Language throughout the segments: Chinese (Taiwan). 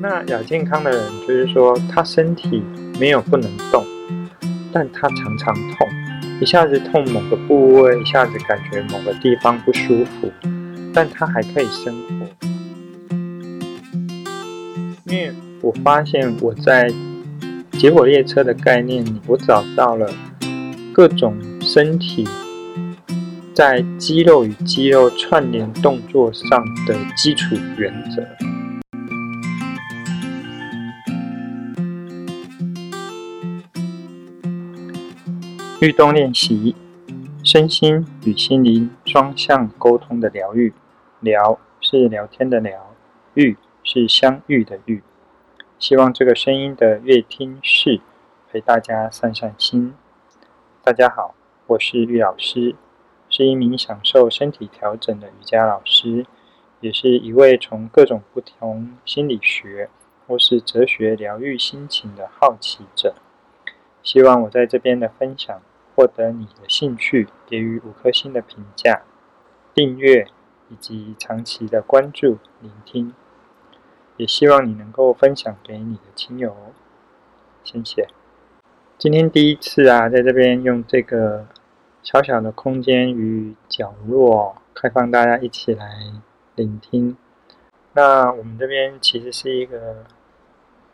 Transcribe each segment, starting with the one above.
那亞健康的人，就是說他身體沒有不能動，但他常常痛，一下子痛某個部位，一下子感覺某個地方不舒服，但他還可以生活。因為我發現我在解剖列車的概念裡，我找到了各種身體在肌肉與肌肉串聯動作上的基礎原則。遇動練習，身心與心靈雙向溝通的聊遇。聊是聊天的聊，遇是相遇的遇。希望這個聲音的樂聽室陪大家散散心。大家好，我是遇老師，是一名享受身體調整的瑜伽老師，也是一位從各種不同心理學或是哲學療癒心情的好奇者。希望我在這邊的分享。獲得你的興趣，給予五顆星的評價、訂閱以及長期的關注聆聽，也希望你能夠分享給你的親友哦。謝謝。今天第一次啊，在這邊用這個小小的空間與角落，開放大家一起來聆聽。那我們這邊其實是一個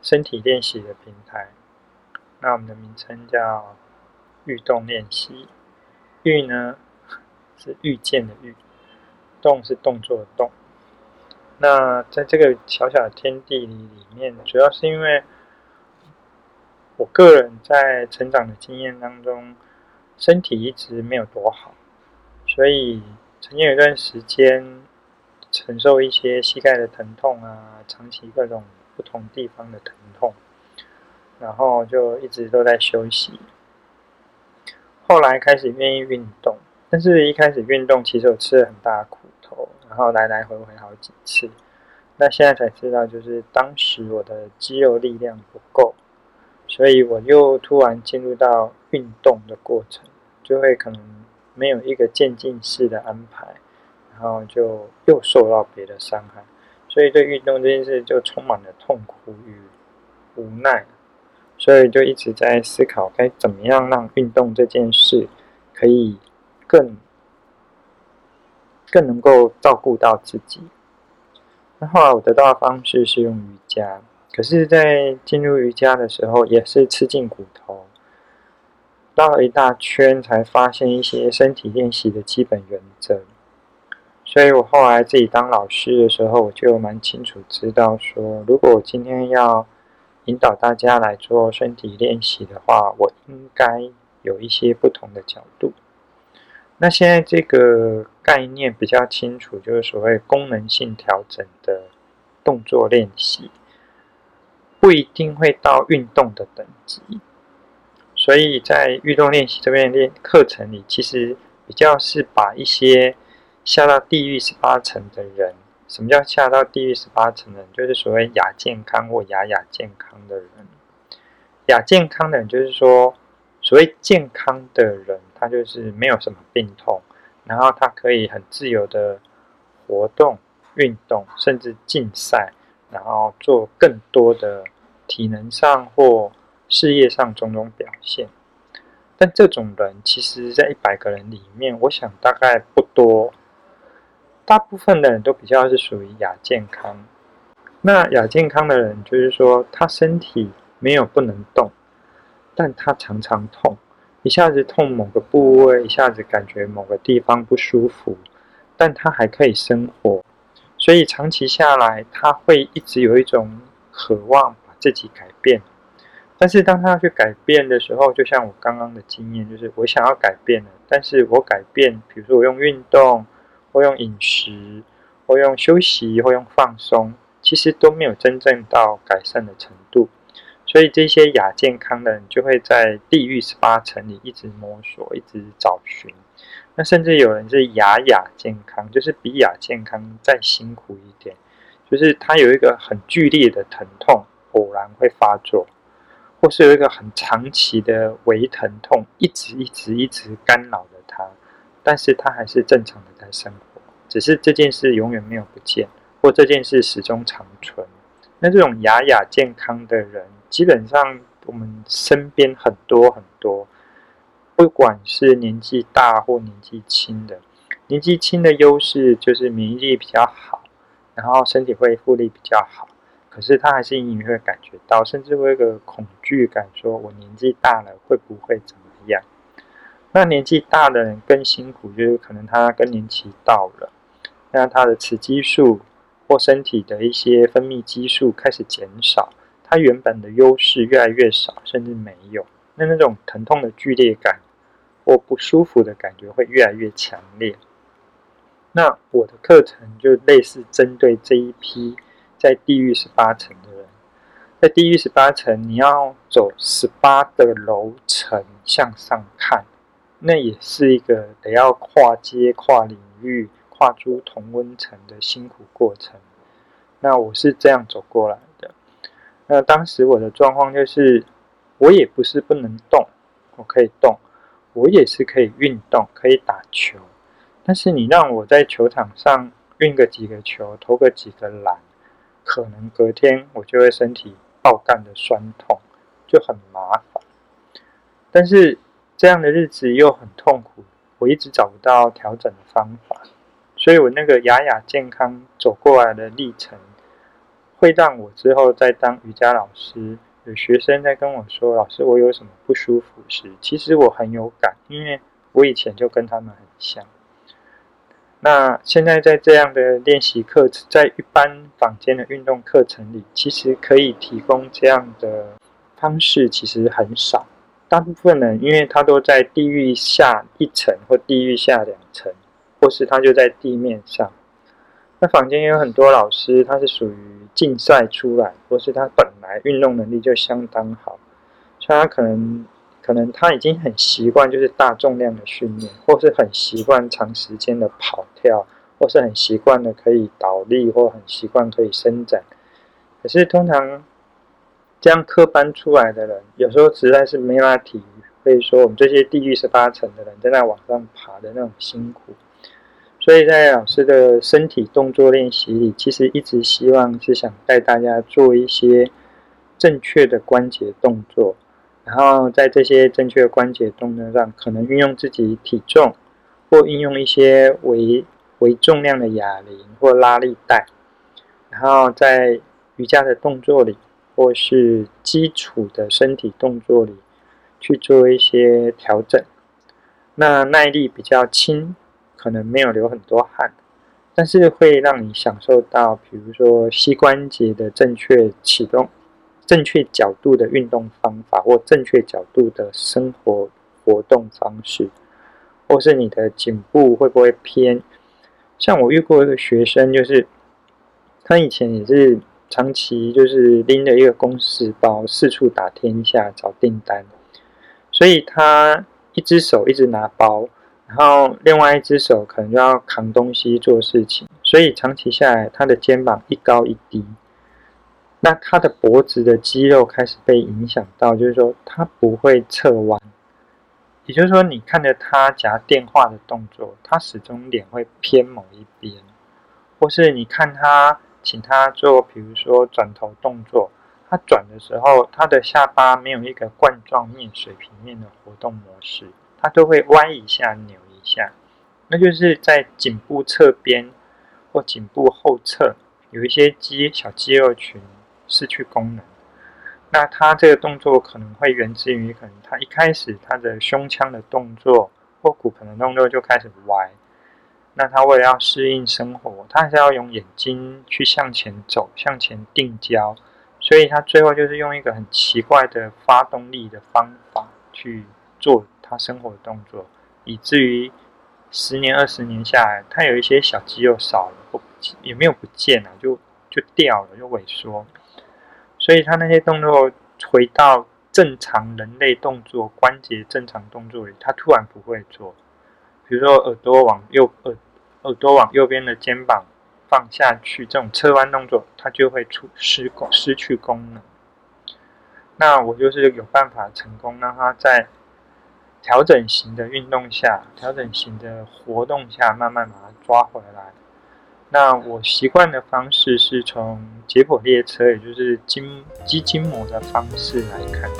身體練習的平台。那我們的名稱叫。遇動練習，遇呢是遇見的遇，動是動作的動。那在這個小小的天地裡裡面，主要是因為我個人在成長的經驗當中，身體一直沒有多好，所以曾經有一段時間承受一些膝蓋的疼痛啊，長期各種不同地方的疼痛，然後就一直都在休息。後來開始願意運動，但是一開始運動，其實我吃了很大苦頭，然後來來回回好幾次。那現在才知道，就是當時我的肌肉力量不夠，所以我又突然進入到運動的過程，就會可能沒有一個漸進式的安排，然後就又受到別的傷害，所以對運動這件事就充滿了痛苦與無奈。所以就一直在思考該怎麼樣讓運動這件事可以更更能夠照顧到自己。那後來我得到的方式是用瑜伽，可是，在進入瑜伽的時候也是吃盡苦頭，繞了一大圈才發現一些身體練習的基本原則。所以我後來自己當老師的時候，我就蠻清楚知道說，如果我今天要。引導大家來做身體練習的話，我應該有一些不同的角度。那現在這個概念比較清楚，就是所謂功能性調整的動作練習，不一定會到運動的等級。所以在遇動練習這邊練課程裡，其實比較是把一些下到地獄十八層的人，什麼叫下到地獄十八層呢？人？就是所謂亞健康或亞亞健康的人。亞健康的人，就是說，所謂健康的人，他就是沒有什麼病痛，然後他可以很自由的活動、運動，甚至競賽，然後做更多的體能上或事業上種種表現。但這種人，其實在一百個人裡面，我想大概不多。大部分的人都比較是屬於亞健康。那亞健康的人，就是說他身體沒有不能動，但他常常痛，一下子痛某個部位，一下子感覺某個地方不舒服，但他還可以生活。所以長期下來，他會一直有一種渴望把自己改變。但是當他去改變的時候，就像我剛剛的經驗，就是我想要改變了，但是我改變，比如說我用運動。或用飲食，或用休息，或用放鬆，其實都沒有真正到改善的程度。所以這些亞健康的人，就會在地獄十八層裡一直摸索，一直找尋。那甚至有人是亞亞健康，就是比亞健康再辛苦一點，就是他有一個很劇烈的疼痛，偶然會發作，或是有一個很長期的微疼痛，一直一直一直干擾。但是他還是正常的在生活，只是這件事永遠沒有不見，或這件事始終長存。那這種亞健康的人，基本上我們身邊很多很多，不管是年紀大或年紀輕的，年紀輕的優勢就是免疫力比較好，然後身體恢復力比較好。可是他還是隱隱約約感覺到，甚至會有一個恐懼感，說我年紀大了會不會怎麼樣？那年紀大的人更辛苦，就是可能他更年期到了，那他的雌激素或身體的一些分泌激素開始減少，他原本的優勢越來越少，甚至沒有。那那種疼痛的劇烈感或不舒服的感覺會越來越強烈。那我的課程就類似針對這一批在地獄十八層的人，在地獄十八層，你要走十八的樓層向上看。那也是一個得要跨界、跨領域、跨出同溫層的辛苦過程。那我是這樣走過來的。那當時我的狀況就是，我也不是不能動，我可以動，我也是可以運動、可以打球。但是你讓我在球場上運個幾個球、投個幾個籃，可能隔天我就會身體爆幹的酸痛，就很麻煩。但是。這樣的日子又很痛苦，我一直找不到調整的方法，所以我那個亞健康走過來的歷程，會讓我之後在當瑜伽老師，有學生在跟我說：“老師，我有什麼不舒服時？”其實我很有感，因為我以前就跟他們很像。那現在在這樣的練習課程，在一般坊間的運動課程裡，其實可以提供這樣的方式，其實很少。大部分人，因為他都在地獄下一層或地獄下兩層，或是他就在地面上。那坊間也有很多老師，他是屬於競賽出來，或是他本來運動能力就相當好，所以他可能可能他已經很習慣就是大重量的訓練，或是很習慣長時間的跑跳，或是很習慣的可以倒立，或很習慣可以伸展。可是通常。這樣科班出來的人，有時候實在是沒法體會，可以說我們這些地獄十八層的人在那往上爬的那種辛苦。所以在老師的身體動作練習裡，其實一直希望是想帶大家做一些正確的關節動作，然後在這些正確的關節動作上，可能運用自己體重，或運用一些微微重量的啞鈴或拉力帶，然後在瑜伽的動作裡。或是基礎的身體動作裡去做一些調整，那耐力比較輕，可能沒有流很多汗，但是會讓你享受到，比如說膝關節的正確啟動、正確角度的運動方法，或正確角度的生活活動方式，或是你的頸部會不會偏？像我遇過一個學生，就是他以前也是。長期就是拎着一個公司包四處打天下找訂單，所以他一只手一直拿包，然後另外一只手可能就要扛東西做事情，所以長期下來他的肩膀一高一低，那他的脖子的肌肉開始被影響到，就是說他不會側彎，也就是說你看着他夾電話的動作，他始終臉會偏某一邊，或是你看他。請他做，比如說轉頭動作，他轉的時候，他的下巴沒有一個冠狀面水平面的活動模式，他都會歪一下、扭一下，那就是在頸部側邊或頸部後側有一些肌小肌肉群失去功能。那他這個動作可能會源自於，可能他一開始他的胸腔的動作或骨盆的動作就開始歪。那他為了要適應生活，他還是要用眼睛去向前走、向前定焦，所以他最後就是用一個很奇怪的發動力的方法去做他生活的動作，以至於十年、二十年下來，他有一些小肌肉少了，不也沒有不見了，就就掉了，就萎縮。所以他那些動作回到正常人類動作，關節正常動作裡，他突然不會做，比如說耳朵往右耳。耳朵、哦、往右邊的肩膀放下去，這種側彎動作，它就會出失失去功能。那我就是有辦法成功讓它在調整型的運動下、調整型的活動下，慢慢把它抓回來。那我習慣的方式是從解剖列車，也就是筋肌筋膜的方式來看。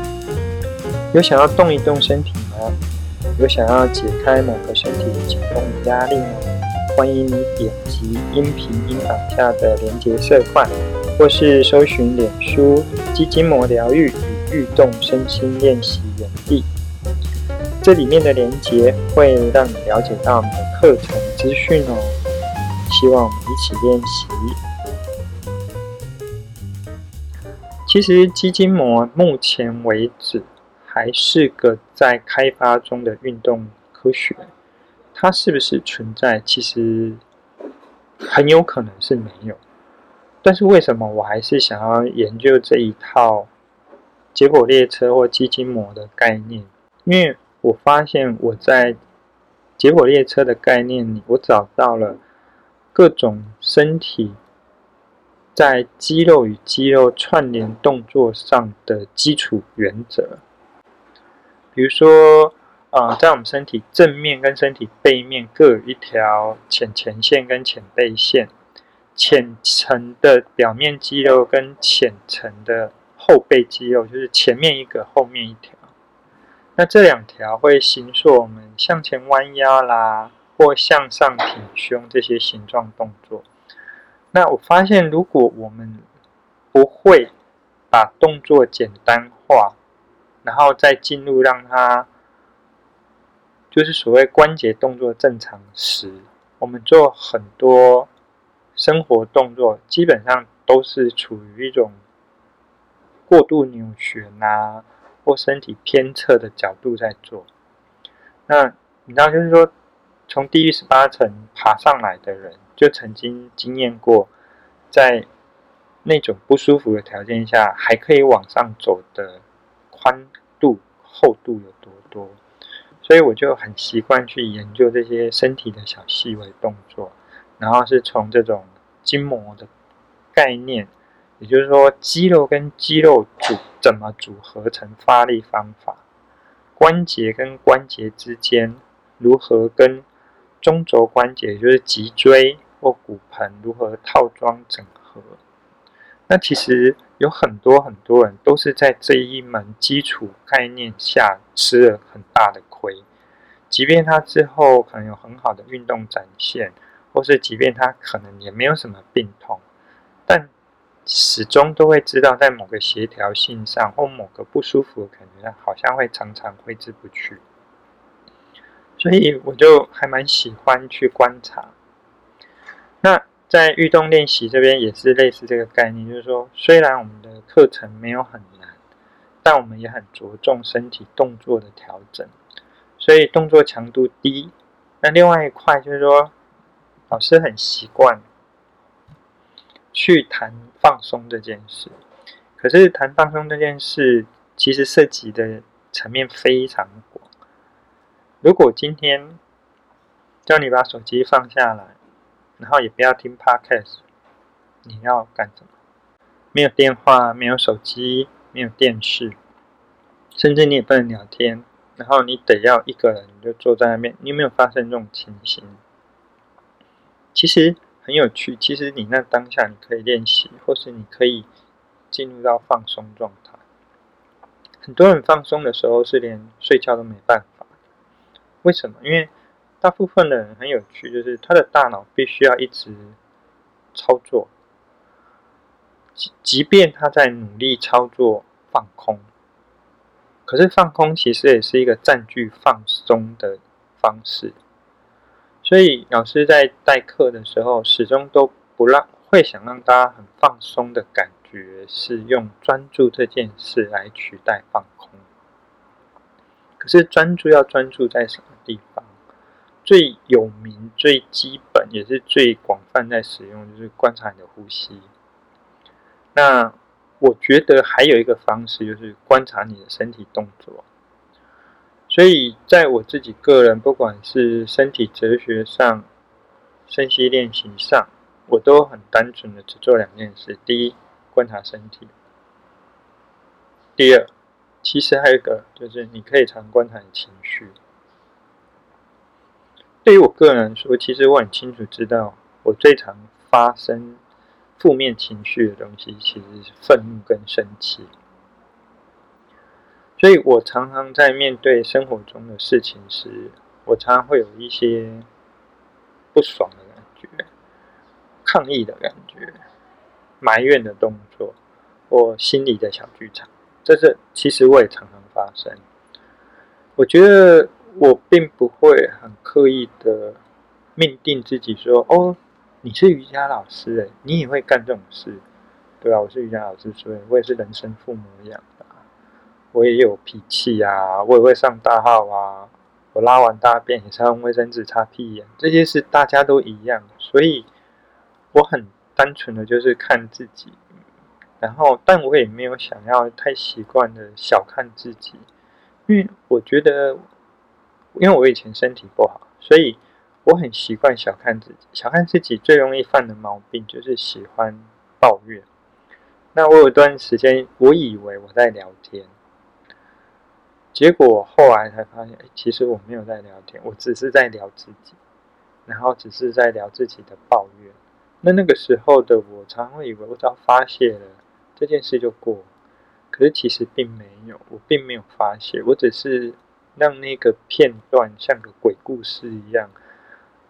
嗯、有想要動一動身體嗎？有想要解開某個身體緊繃的壓力嗎？歡迎你點擊音頻音檔下的連接色塊，或是搜尋臉書“肌筋膜療癒與律動身心練習園地”。這裡面的連接會讓你了解到我們的課程資訊哦。希望我們一起練習。其實肌筋膜目前為止，還是個在開發中的運動科學，它是不是存在？其實很有可能是沒有。但是為什麼我還是想要研究這一套結果列車或肌筋膜的概念？因為我發現我在結果列車的概念裡，我找到了各種身體在肌肉與肌肉串聯動作上的基礎原則。比如說，呃，在我們身體正面跟身體背面各有一條淺前線跟淺背線，淺層的表面肌肉跟淺層的後背肌肉，就是前面一個，後面一條。那這兩條會形塑我們向前彎腰啦，或向上挺胸這些形狀動作。那我發現，如果我們不會把動作簡單化。然後再進入讓它，就是所謂關節動作正常時，我們做很多生活動作，基本上都是處於一種過度扭曲吶、啊，或身體偏側的角度在做。那你知道，就是說，從地獄十八層爬上來的人，就曾經經驗過，在那種不舒服的條件下，還可以往上走的。寬度、厚度，有多多，所以我就很習慣去研究這些身體的小細微動作，然後是從這種筋膜的概念，也就是說肌肉跟肌肉組怎麼組合成發力方法，關節跟關節之間如何跟中軸關節，就是脊椎或骨盆如何套裝整合。那其實有很多很多人都是在這一門基礎概念下吃了很大的虧，即便他之後可能有很好的運動展現，或是即便他可能也沒有什麼病痛，但始終都會知道在某個協調性上或某個不舒服的感覺好像會常常揮之不去。所以我就還蠻喜歡去觀察，那。在遇動練習這邊也是類似這個概念，就是說，雖然我們的課程沒有很難，但我們也很着重身體動作的調整，所以動作強度低。那另外一塊就是說，老師很習慣去談放鬆這件事，可是談放鬆這件事其實涉及的層面非常廣。如果今天叫你把手機放下來，然後也不要聽 Podcast，你要幹什麼？沒有電話，沒有手機，沒有電視，甚至你也不能聊天。然後你得要一個人就坐在那邊，你有沒有發生這種情形？其實很有趣。其實你那當下你可以練習，或是你可以進入到放鬆狀態。很多人放鬆的時候是連睡覺都沒辦法。為什麼？因為。大部分的人很有趣，就是他的大腦必須要一直操作，即即便他在努力操作放空，可是放空其實也是一個占據放鬆的方式。所以老師在帶課的時候，始終都不讓，會想讓大家很放鬆的感覺，是用專注這件事來取代放空。可是專注要專注在什麼地方？最有名、最基本，也是最廣泛在使用，就是觀察你的呼吸。那我覺得還有一個方式，就是觀察你的身體動作。所以，在我自己個人，不管是身體哲學上、深呼吸練習上，我都很單純的只做兩件事：第一，觀察身體；第二，其實還有一個，就是你可以常觀察你情緒。對於我個人來說，其實我很清楚知道，我最常發生負面情緒的東西，其實是憤怒跟生氣。所以我常常在面對生活中的事情時，我常常會有一些不爽的感覺、抗議的感覺、埋怨的動作，或心裡的小劇場，這是其實我也常常發生。我覺得。我並不會很刻意的命定自己說：“哦，你是瑜伽老師，欸，、你也會幹這種事，對啊，我是瑜伽老師，所以我也是人生父母一樣的，我也有脾氣呀，啊，我也會上大號啊，我拉完大便也是用衛生紙擦屁眼，這些是大家都一樣，所以我很單純的就是看自己，然後，但我也沒有想要太習慣的小看自己，因為我覺得。因為我以前身體不好，所以我很習慣小看自己。小看自己最容易犯的毛病就是喜歡抱怨。那我有一段時間，我以為我在聊天，結果後來才發現，哎，其實我沒有在聊天，我只是在聊自己，然後只是在聊自己的抱怨。那那個時候的我，常常會以為我只要發泄了，這件事就過。可是其實並沒有，我並沒有發泄，我只是。讓那個片段像個鬼故事一樣，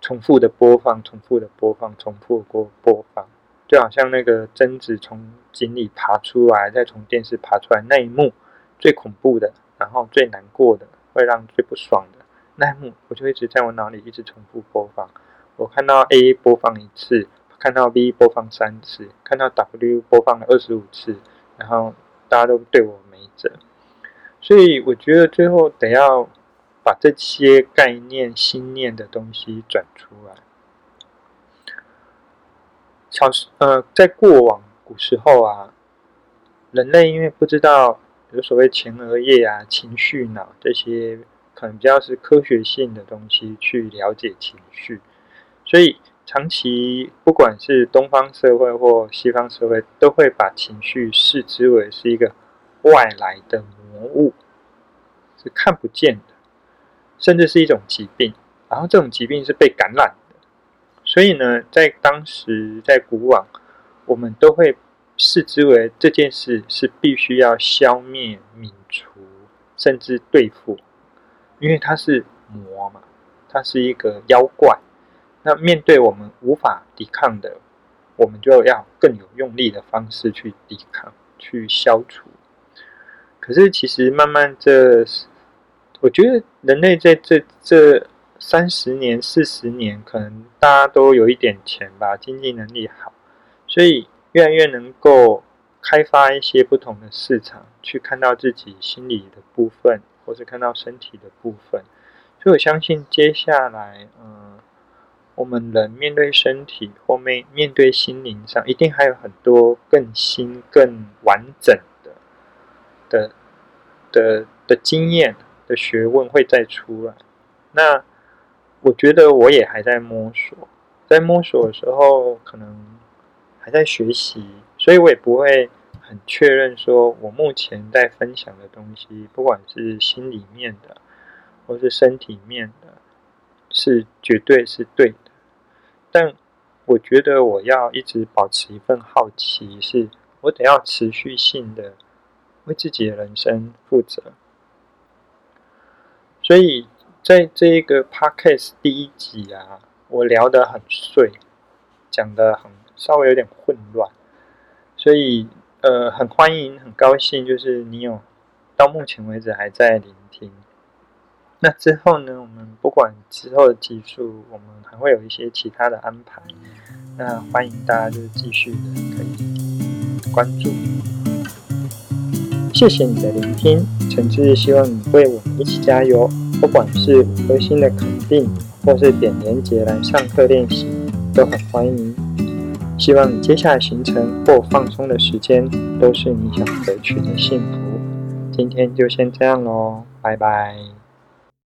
重複的播放，重複的播放，重複播播放，就好像那個貞子從井裡爬出來，再從電視爬出來那一幕，最恐怖的，然後最難過的，會讓最不爽的那一幕，我就一直在我腦裡一直重複播放。我看到 A 播放一次，看到 B 播放三次，看到 W 播放了二十五次，然後大家都對我沒轍。所以我覺得最後得要把這些概念、心念的東西轉出來。小時呃，在過往古時候啊，人類因為不知道有所謂前額葉啊、情緒腦這些，可能比較是科學性的東西去了解情緒，所以長期不管是東方社會或西方社會，都會把情緒視之為是一個外來的。魔物是看不見的，甚至是一種疾病。然後這種疾病是被感染的，所以呢，在當時在古往，我們都會視之為這件事是必須要消滅、泯除，甚至對付，因為它是魔嘛，它是一個妖怪。那面對我們無法抵抗的，我們就要更有用力的方式去抵抗、去消除。可是，其實慢慢這，我覺得人類在這這三十年、四十年，可能大家都有一點錢吧，經濟能力好，所以越來越能夠開發一些不同的市場，去看到自己心理的部分，或是看到身體的部分。所以我相信，接下來，嗯、呃，我們人面對身體，後面面對心靈上，一定還有很多更新、更完整的。的的的經驗的學問會再出來，那我覺得我也還在摸索，在摸索的時候，可能還在學習，所以我也不會很確認說我目前在分享的東西，不管是心裡面的，或是身體面的，是絕對是對的。但我覺得我要一直保持一份好奇，是我得要持續性的。為自己的人生負責，所以在這一個 podcast 第一集啊，我聊得很碎，講得很稍微有點混亂，所以呃，很歡迎，很高興，就是你有到目前為止還在聆聽，那之後呢，我們不管之後的集數，我們還會有一些其他的安排，那歡迎大家就是繼續的可以關注。謝謝你的聆聽，誠摯希望你為我們一起加油。不管是五顆星的肯定，或是點連結來上課練習，都很歡迎。希望你接下來行程或放鬆的時間，都是你想回去的幸福。今天就先這樣嘍，拜拜。